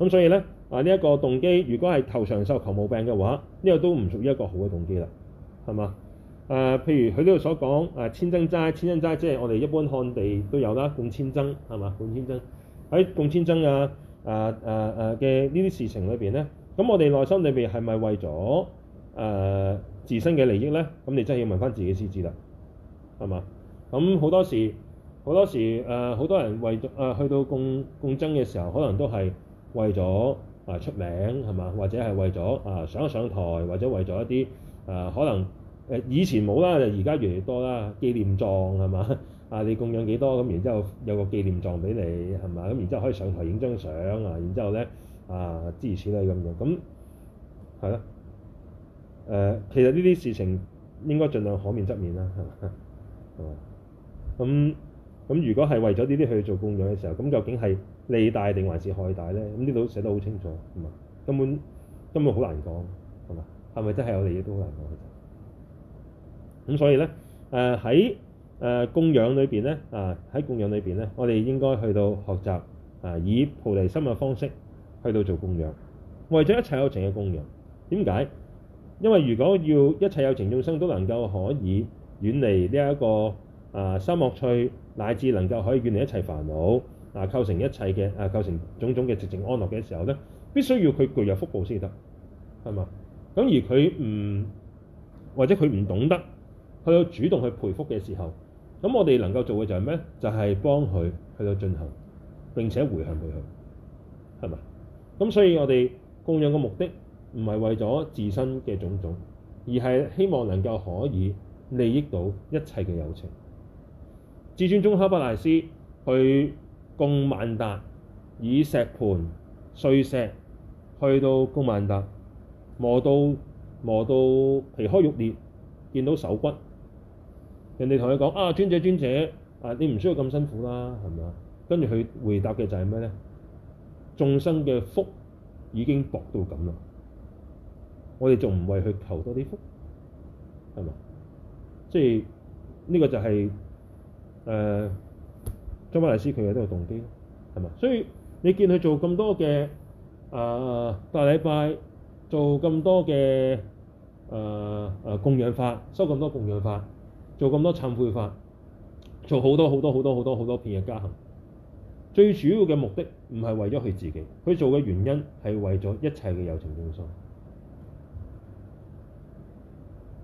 咁所以咧啊，呢、這、一個動機，如果係求長壽求冇病嘅話，呢、這個都唔屬於一個好嘅動機啦，係嘛？誒、啊，譬如佢呢度所講誒、啊，千僧齋、千僧齋，即係我哋一般漢地都有啦，供千僧係嘛？供千僧喺供千僧啊啊啊啊嘅呢啲事情裏邊咧，咁我哋內心裏面係咪為咗誒、啊、自身嘅利益咧？咁你真係要問翻自己先知啦，係嘛？咁好多時。好多時誒，好、呃、多人為咗誒、呃、去到共共爭嘅時候，可能都係為咗啊、呃、出名，係嘛？或者係為咗啊、呃、上一上台，或者為咗一啲誒、呃、可能誒、呃、以前冇啦，而家越嚟越多啦。紀念狀係嘛啊？你供養幾多咁，然之後有個紀念狀俾你，係嘛咁，然之後可以上台影張相啊，然、啊、之後咧啊諸如此類咁樣咁係咯誒。其實呢啲事情應該盡量可免則免啦，係嘛咁。咁如果係為咗呢啲去做供養嘅時候，咁究竟係利大定還是害大咧？咁呢度寫得好清楚，係嘛？根本根本好難講，係嘛？係咪真係有利益都好難講？咁所以咧，誒喺誒供養裏邊咧，啊喺供養裏邊咧，我哋應該去到學習啊，以菩提心嘅方式去到做供養，為咗一切有情嘅供養。點解？因為如果要一切有情眾生都能夠可以遠離呢一個啊三惡趣。乃至能夠可以遠離一切煩惱，啊構成一切嘅啊構成種種嘅寂靜安樂嘅時候咧，必須要佢具有福報先得，係嘛？咁而佢唔或者佢唔懂得去到主動去培福嘅時候，咁我哋能夠做嘅就係咩？就係、是、幫佢去到進行並且回向俾佢，係嘛？咁所以我哋供養嘅目的唔係為咗自身嘅種種，而係希望能夠可以利益到一切嘅有情。至尊宗喀巴雷斯去供曼達，以石盤碎石去到供曼達，磨到磨到皮開肉裂，見到手骨。人哋同佢講：啊，尊者尊者，啊，你唔需要咁辛苦啦，係咪啊？跟住佢回答嘅就係咩咧？眾生嘅福已經薄到咁啦，我哋仲唔為佢求多啲福？係咪？即係呢個就係。誒，金巴尼斯佢亦都有動機，係嘛？所以你見佢做咁多嘅啊、呃，大禮拜做咁多嘅誒誒供養法，收咁多供養法，做咁多懺悔法，做好多好多好多好多好多片嘅加行。最主要嘅目的唔係為咗佢自己，佢做嘅原因係為咗一切嘅有情眾生。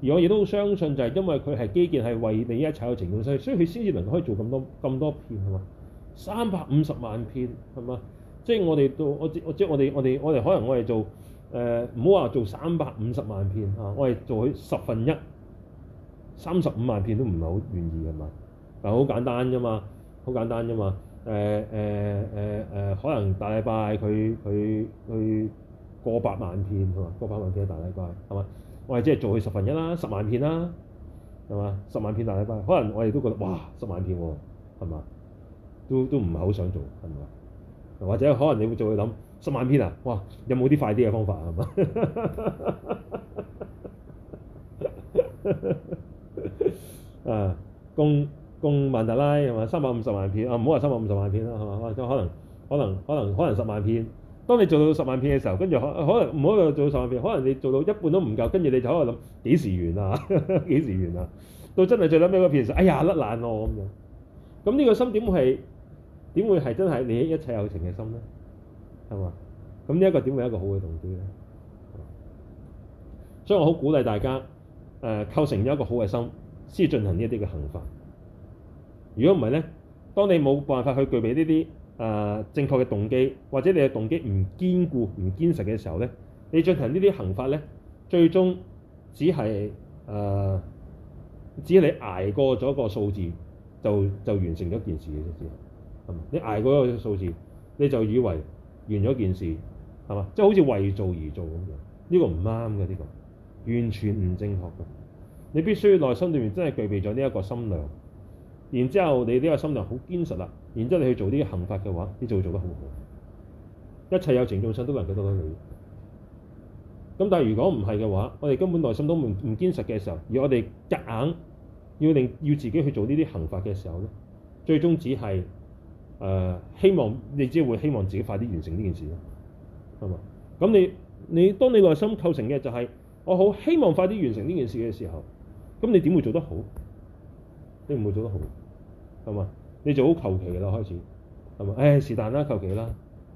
而我亦都相信就係因為佢係基建係為另一層嘅情況所，所以佢先至能夠可以做咁多咁多片係嘛？三百五十萬片係嘛？即係我哋做我,我即我即我哋我哋我哋可能我哋做誒唔好話做三百五十萬片嚇、啊，我哋做佢十分一，三十五萬片都唔係好願意係嘛？但係好簡單啫嘛，好簡單啫嘛。誒誒誒誒，可能大禮拜佢佢佢過百萬片係嘛？過百萬片大禮拜係嘛？我哋即係做佢十分一啦，十萬片啦，係嘛？十萬片大禮拜，可能我哋都覺得哇，十萬片喎、啊，係嘛？都都唔係好想做，係咪？或者可能你會做佢諗十萬片啊？哇！有冇啲快啲嘅方法啊？係嘛？ 啊，供供曼達拉係嘛？三百五十萬片啊，唔好話三百五十萬片啦，係嘛？啊，即係可能可能可能可能十萬片。當你做到十萬片嘅時候，跟住可可能唔可以做到十萬片？可能你做到一半都唔夠，跟住你就喺度諗幾時完啊？幾 時完啊？到真係最撚屘嗰片時，哎呀甩爛咯咁樣。咁呢個心點會係點會係真係你一切有情嘅心咧？係嘛？咁呢一個點會係一個好嘅動機咧？係嘛？所以我好鼓勵大家誒、呃、構成咗一個好嘅心，先進行，這些行呢啲嘅行法。如果唔係咧，當你冇辦法去具備呢啲。誒、呃、正確嘅動機，或者你嘅動機唔堅固、唔堅實嘅時候咧，你進行呢啲行法咧，最終只係誒、呃，只係你捱過咗個數字，就就完成咗件事嘅啫。係嘛？你捱過一個數字，你就以為完咗件事，係嘛？即係好似為做而做咁樣，呢個唔啱嘅，呢個完全唔正確嘅。你必須內心裏面真係具備咗呢一個心量。然之後，你呢個心量好堅實啦。然之後，你去做呢啲行法嘅話，你就會做得好好。一切有情眾生都能夠得到你。咁但係如果唔係嘅話，我哋根本內心都唔唔堅實嘅時候，而我哋夾硬要令要自己去做呢啲行法嘅時候咧，最終只係誒、呃、希望你只會希望自己快啲完成呢件事咯，係嘛？咁你你當你內心構成嘅就係、是、我好希望快啲完成呢件事嘅時候，咁你點會做得好？你唔會做得好。係嘛？你做好求其嘅啦，開始係嘛？誒是但啦，求其啦，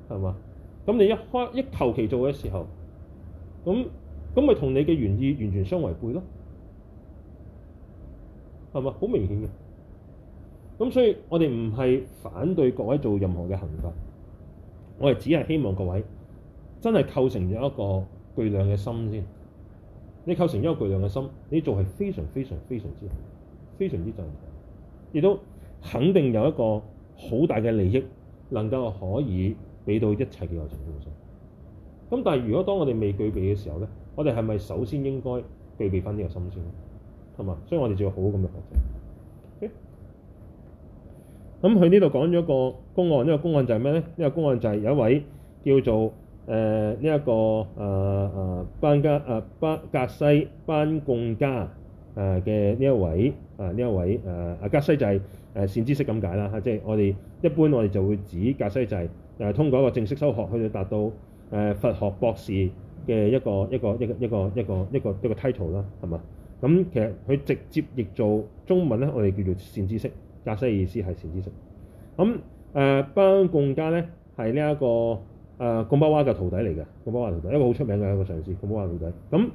係嘛？咁你一開一求其做嘅時候，咁咁咪同你嘅原意完全相違背咯，係嘛？好明顯嘅。咁所以，我哋唔係反對各位做任何嘅行法，我哋只係希望各位真係構成咗一個巨量嘅心先。你構成一個巨量嘅心，你做係非常非常非常之好，非常之讚，亦都。肯定有一個好大嘅利益，能夠可以俾到一切嘅有情眾生。咁但係如果當我哋未具備嘅時候咧，我哋係咪首先應該具備翻呢個心先？係嘛？所以我哋要做好咁嘅角色。咁佢呢度講咗一個公案，呢個公案就係咩咧？呢個公案就係有一位叫做誒呢一個誒誒、呃、奔嘉誒奔格西奔貢嘉。誒嘅呢一位，誒、啊、呢一位，誒、啊、阿格西就係誒善知識咁解啦嚇，即係我哋一般我哋就會指格西就係誒通過一個正式修學去到達到誒、啊、佛學博士嘅一個一個一個一個一個一個一個 title 啦，係嘛？咁其實佢直接譯做中文咧，我哋叫做善知識。格西意思係善知識。咁誒奔貢嘉咧係呢一、這個誒共巴瓦嘅徒弟嚟嘅，共巴瓦徒弟，娃徒弟一個好出名嘅一個上師，共巴瓦徒弟。咁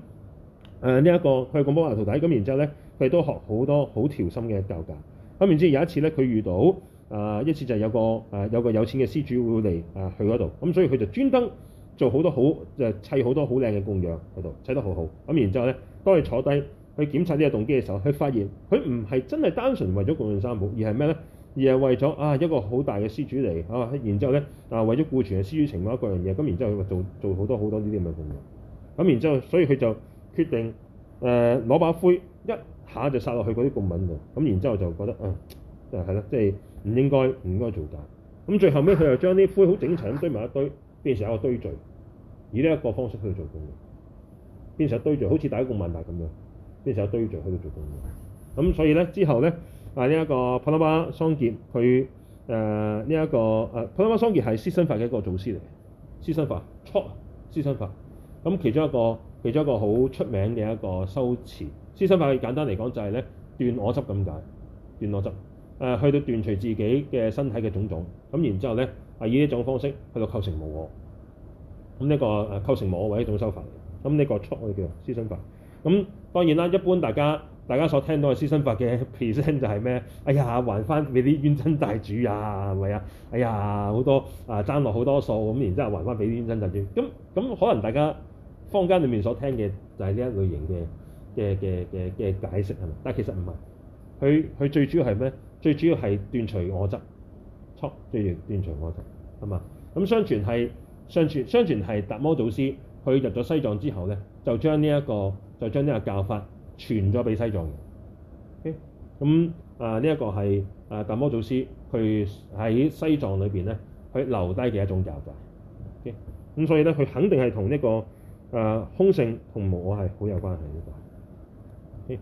誒呢一個佢係博朵瓦徒弟咁，然之後咧，佢哋都學好多好調心嘅教教。咁然後之後有一次咧，佢遇到啊、呃、一次就係有個誒、呃、有個有錢嘅施主會嚟啊去嗰度，咁、嗯、所以佢就專登做好多好誒砌好多好靚嘅供養喺度砌得好好。咁然之後咧，當你坐低去檢測呢個動機嘅時候，佢發現佢唔係真係單純為咗供養三寶，而係咩咧？而係為咗啊一個好大嘅施主嚟啊。然之後咧啊，為咗顧全嘅施主情面嗰樣嘢。咁然之後佢話做做好多好多呢啲咁嘅供養。咁然之後，所以佢就。決定誒攞、呃、把灰一下就撒落去嗰啲供品度，咁然之後就覺得啊誒係啦，即係唔應該唔應該做假。咁最後尾佢又將啲灰好整齊咁堆埋一堆，變成一個堆聚，以呢一個方式去做功嘅。變成堆聚，好似第一供品嚟咁樣，變成一堆聚去度做功嘅。咁所以咧之後咧，啊呢一、這個帕當巴桑結佢誒呢一個誒、啊、帕當巴桑結係施身法嘅一個祖師嚟嘅，施身法錯施身法，咁其中一個。其中一個好出名嘅一個修持，施身法，簡單嚟講就係咧斷我執咁解，斷我執，誒、呃、去到斷除自己嘅身體嘅種種，咁然之後咧係以呢種方式去到構成無我，咁、這、呢個誒構成無我係一,一種修法嚟，咁、這、呢個出我叫做施身法，咁當然啦，一般大家大家所聽到嘅施身法嘅 present 就係咩？哎呀還翻俾啲冤親債主呀、啊，係咪啊？哎呀好多啊爭落好多數，咁然之後還翻俾啲冤親債主，咁咁可能大家。坊間裏面所聽嘅就係呢一類型嘅嘅嘅嘅嘅解釋係嘛？但係其實唔係，佢佢最主要係咩？最主要係斷除我執，錯，最完斷除我執係嘛？咁相傳係相傳相傳係達摩祖師佢入咗西藏之後咧，就將呢、這、一個就將呢個教法傳咗俾西藏人。咁、okay? 啊，呢、這、一個係啊達摩祖師佢喺西藏裏邊咧，佢留低嘅一種教法。咁、okay? 所以咧，佢肯定係同呢個。誒、呃、空性同無我係好有關係呢、這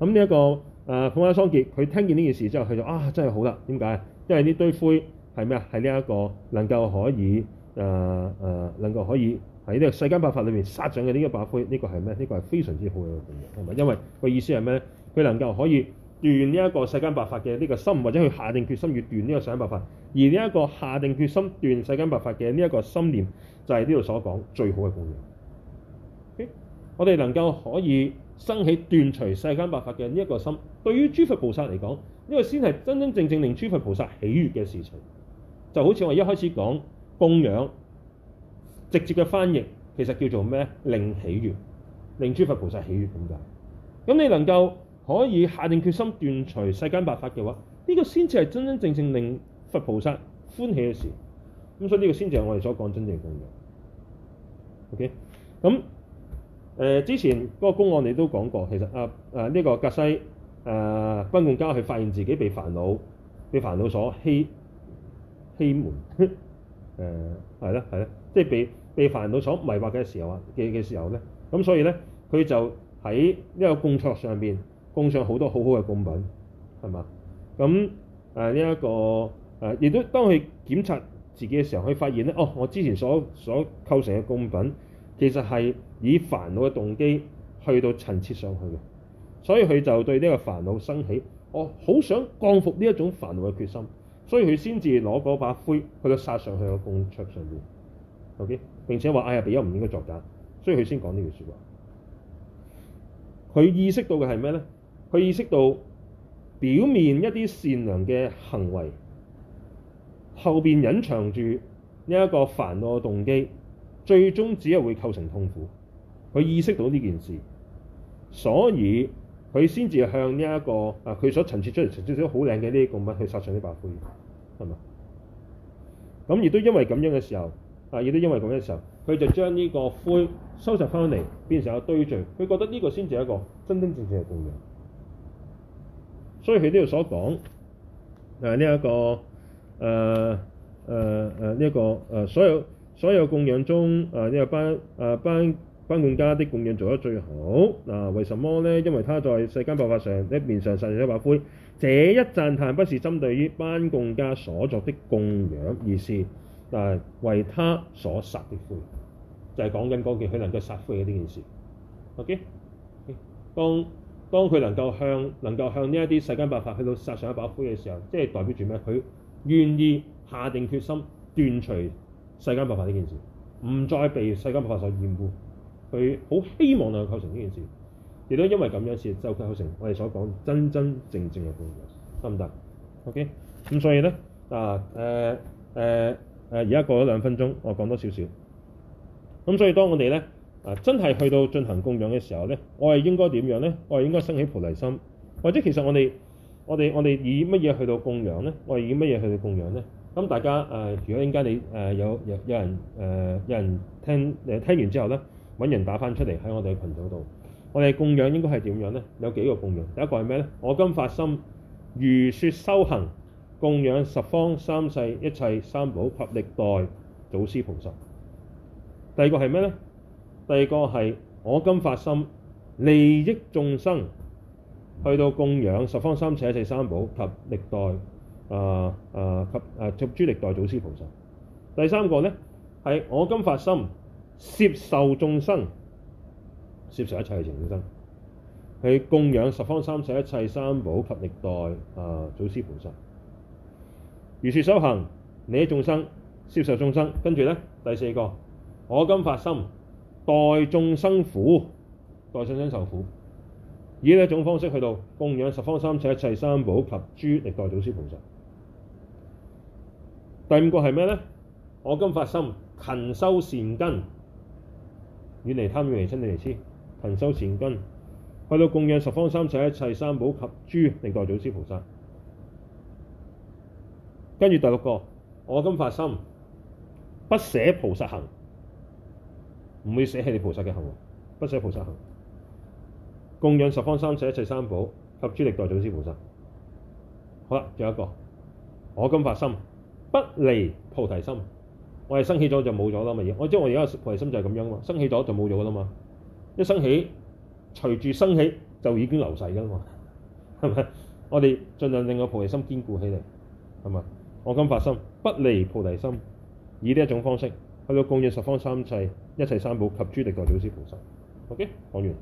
個。咁呢一個誒帕當巴桑結，佢聽見呢件事之後，佢就啊真係好啦。點解？因為呢堆灰係咩啊？係呢一個能夠可以誒誒、呃呃、能夠可以喺呢個世間八法裏面殺盡嘅呢一把灰。呢、這個係咩？呢、這個係非常之好嘅供養，係咪？因為個意思係咩？佢能夠可以斷呢一個世間八法嘅呢個心，或者佢下定決心越斷呢個世間八法，而呢一個下定決心斷世間八法嘅呢一個心念，就係呢度所講最好嘅供養。我哋能夠可以生起斷除世間八法嘅呢一個心，對於諸佛菩薩嚟講，呢個先係真真正正令諸佛菩薩喜悅嘅事情。就好似我一開始講供養，直接嘅翻譯其實叫做咩？令喜悅，令諸佛菩薩喜悅咁解。咁你能夠可以下定決心斷除世間八法嘅話，呢個先至係真真正正令佛菩薩歡喜嘅事。咁所以呢個先至係我哋所講真正供養。OK，咁。誒、呃、之前嗰個公案，你都講過。其實啊啊，呢、啊這個格西啊，奔貢嘉，佢發現自己被煩惱被煩惱所欺欺瞞誒，係咯係咯，即係被被煩惱所迷惑嘅時候啊嘅嘅時候咧。咁所以咧，佢就喺呢一個供桌上邊供上好多好好嘅供品，係嘛？咁誒呢一個誒，亦都當佢檢查自己嘅時候，可以發現咧，哦，我之前所所構成嘅供品其實係。以煩惱嘅動機去到陳設上去嘅，所以佢就對呢個煩惱生起我好想降服呢一種煩惱嘅決心，所以佢先至攞嗰把灰去到撒上去個供桌上邊，OK？並且話：哎呀，比丘唔應該作假，所以佢先講呢句説話。佢意識到嘅係咩咧？佢意識到表面一啲善良嘅行為，後邊隱藏住呢一個煩惱嘅動機，最終只係會構成痛苦。佢意識到呢件事，所以佢先至向呢、這、一個啊，佢所陳設出嚟陳設咗好靚嘅呢啲供物去撒上呢把灰，係嘛？咁亦都因為咁樣嘅時候，啊，亦都因為咁嘅時候，佢就將呢個灰收集翻嚟，變成一堆聚。佢覺得呢個先至係一個真真正正嘅供養。所以佢呢度所講啊，呢、這、一個誒誒誒呢一個誒所有所有供養中啊呢一班啊班。啊班奔貢嘉的供養做得最好嗱，為什麼咧？因為他在世間八法上一面上撒上一把灰。這一讚歎不是針對於奔貢嘉所做的供養，而是嗱為他所撒的灰，就係講緊嗰件佢能夠撒灰嘅呢件事。OK，, okay. 當當佢能夠向能夠向呢一啲世間八法去到撒上一把灰嘅時候，即係代表住咩？佢願意下定決心斷除世間八法呢件事，唔再被世間八法所染污。佢好希望能夠構成呢件事，亦都因為咁樣先就構成我哋所講真真正正嘅供養，得唔得？OK，咁所以咧啊，誒誒誒，而、啊、家、啊、過咗兩分鐘，我講多少少咁。所以當我哋咧啊，真係去到進行供養嘅時候咧，我哋應該點樣咧？我哋應該升起菩提心，或者其實我哋我哋我哋以乜嘢去到供養咧？我哋以乜嘢去到供養咧？咁大家誒、呃，如果應家應該你誒、呃、有有有人誒、呃、有人聽誒聽完之後咧？揾人打翻出嚟喺我哋嘅羣組度，我哋供養應該係點樣咧？有幾個供養？第一個係咩咧？我今發心如說修行，供養十方三世一切三寶及歷代祖師菩薩。第二個係咩咧？第二個係我今發心利益眾生，去到供養十方三世一切三寶及歷代啊啊、呃呃、及諸歷、呃、代祖師菩薩。第三個咧係我今發心。攝受眾生，攝受一切嘅情眾生，去供養十方三世一切三寶及歷代啊祖師菩薩。如是修行，你喺眾生攝受眾生，跟住咧，第四個我今發心代眾生苦，代眾生受苦，以呢一種方式去到供養十方三世一,一切三寶及諸歷代祖師菩薩。第五個係咩咧？我今發心勤修善根，遠離貪欲，遠離嗔恚，離痴，勤修善根，去到供養十方三世一切三寶及諸歷代祖師菩薩。跟住第六個，我今發心，不捨菩薩行，唔會捨棄你菩薩嘅行為，不捨菩薩行，行，供養十方三世一切三寶及諸歷代祖師菩薩。好啦，最後一個，我今發心，不離菩提心。我哋生起咗就冇咗啦嘛嘢，我知我而家菩提心就係咁樣嘛，生起咗就冇咗噶啦嘛，一生起隨住生起就已經流逝噶啦嘛，係咪？我哋盡量令個菩提心堅固起嚟，係咪？我今發心不離菩提心，以呢一種方式去到供養十方三世一切三寶及諸地藏祖師菩薩。OK，講完。